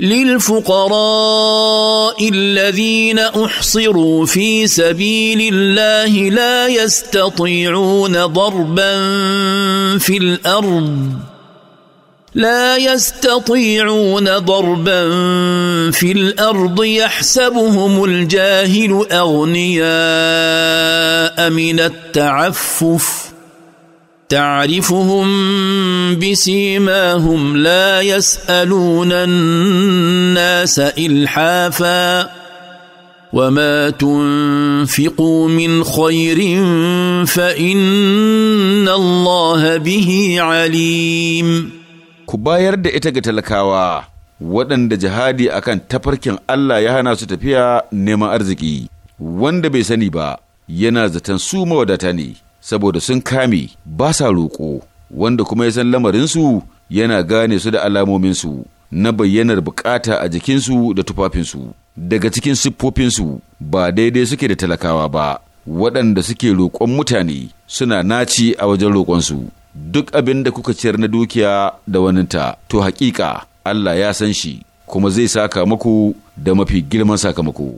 للفقراء الذين احصروا في سبيل الله لا يستطيعون ضربا في الارض لا يستطيعون ضربا في الارض يحسبهم الجاهل اغنياء من التعفف تعرفهم بسيماهم لا يسالون الناس الحافا وما تنفقوا من خير فان الله به عليم كباير da ita ga talakawa waɗanda jihadi akan tafarkin Allah ya hana su tafiya neman arziki wanda bai sani ba yana zaton su mawadata ne saboda sun kame ba sa roƙo wanda kuma ya san lamarinsu yana gane su da alamominsu na bayyanar bukata a jikinsu da tufafinsu daga cikin siffofinsu ba daidai suke da talakawa ba waɗanda suke roƙon mutane suna naci a wajen roƙonsu duk abin da kuka ciyar na dukiya da waninta to haƙiƙa Allah ya san shi kuma zai saka muku da mafi girman sakamako